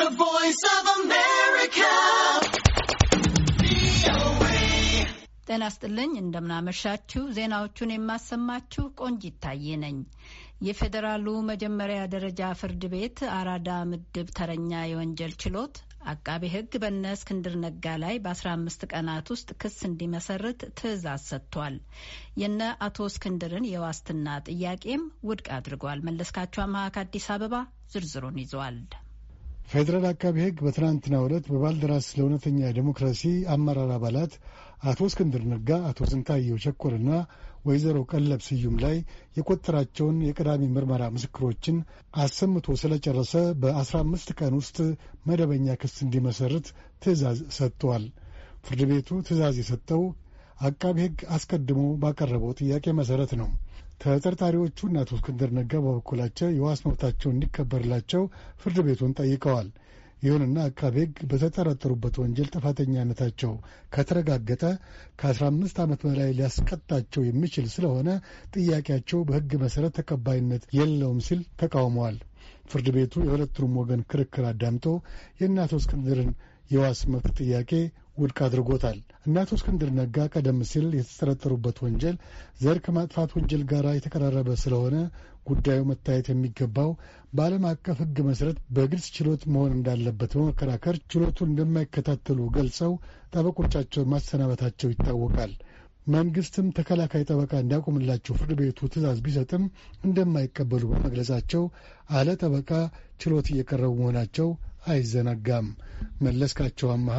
The Voice of America. ጤና ስጥልኝ፣ እንደምናመሻችሁ። ዜናዎቹን የማሰማችሁ ቆንጅ ይታየ ነኝ። የፌዴራሉ መጀመሪያ ደረጃ ፍርድ ቤት አራዳ ምድብ ተረኛ የወንጀል ችሎት አቃቤ ሕግ በነ እስክንድር ነጋ ላይ በ15 ቀናት ውስጥ ክስ እንዲመሰርት ትዕዛዝ ሰጥቷል። የነ አቶ እስክንድርን የዋስትና ጥያቄም ውድቅ አድርጓል። መለስካቸው አመሀ ከአዲስ አበባ ዝርዝሩን ይዟል። ፌዴራል አቃቢ ሕግ በትናንትናው ዕለት በባልደራስ ለእውነተኛ ዴሞክራሲ አመራር አባላት አቶ እስክንድር ነጋ፣ አቶ ስንታየው ቸኮልና ወይዘሮ ቀለብ ስዩም ላይ የቆጠራቸውን የቅዳሜ ምርመራ ምስክሮችን አሰምቶ ስለጨረሰ በ አምስት ቀን ውስጥ መደበኛ ክስ እንዲመሰርት ትዕዛዝ ሰጥቷል። ፍርድ ቤቱ ትዕዛዝ የሰጠው አቃቢ ሕግ አስቀድሞ ባቀረበው ጥያቄ መሰረት ነው። ተጠርጣሪዎቹ እና አቶ እስክንድር ነጋ በበኩላቸው የዋስ መብታቸው እንዲከበርላቸው ፍርድ ቤቱን ጠይቀዋል። ይሁንና አቃቢ ሕግ በተጠረጠሩበት ወንጀል ጥፋተኛነታቸው ከተረጋገጠ ከ15 ዓመት በላይ ሊያስቀጣቸው የሚችል ስለሆነ ጥያቄያቸው በሕግ መሠረት ተቀባይነት የለውም ሲል ተቃውመዋል። ፍርድ ቤቱ የሁለቱንም ወገን ክርክር አዳምጦ የእናቶ እስክንድርን የዋስ መብት ጥያቄ ውድቅ አድርጎታል። እናቶ አቶ እስክንድር ነጋ ቀደም ሲል የተጠረጠሩበት ወንጀል ዘር ከማጥፋት ወንጀል ጋር የተቀራረበ ስለሆነ ጉዳዩ መታየት የሚገባው በዓለም አቀፍ ሕግ መሠረት በግልጽ ችሎት መሆን እንዳለበት በመከራከር ችሎቱን እንደማይከታተሉ ገልጸው ጠበቆቻቸውን ማሰናበታቸው ይታወቃል። መንግስትም ተከላካይ ጠበቃ እንዲያቆምላቸው ፍርድ ቤቱ ትዕዛዝ ቢሰጥም እንደማይቀበሉ በመግለጻቸው አለ ጠበቃ ችሎት እየቀረቡ መሆናቸው አይዘነጋም። መለስካቸው አመሃ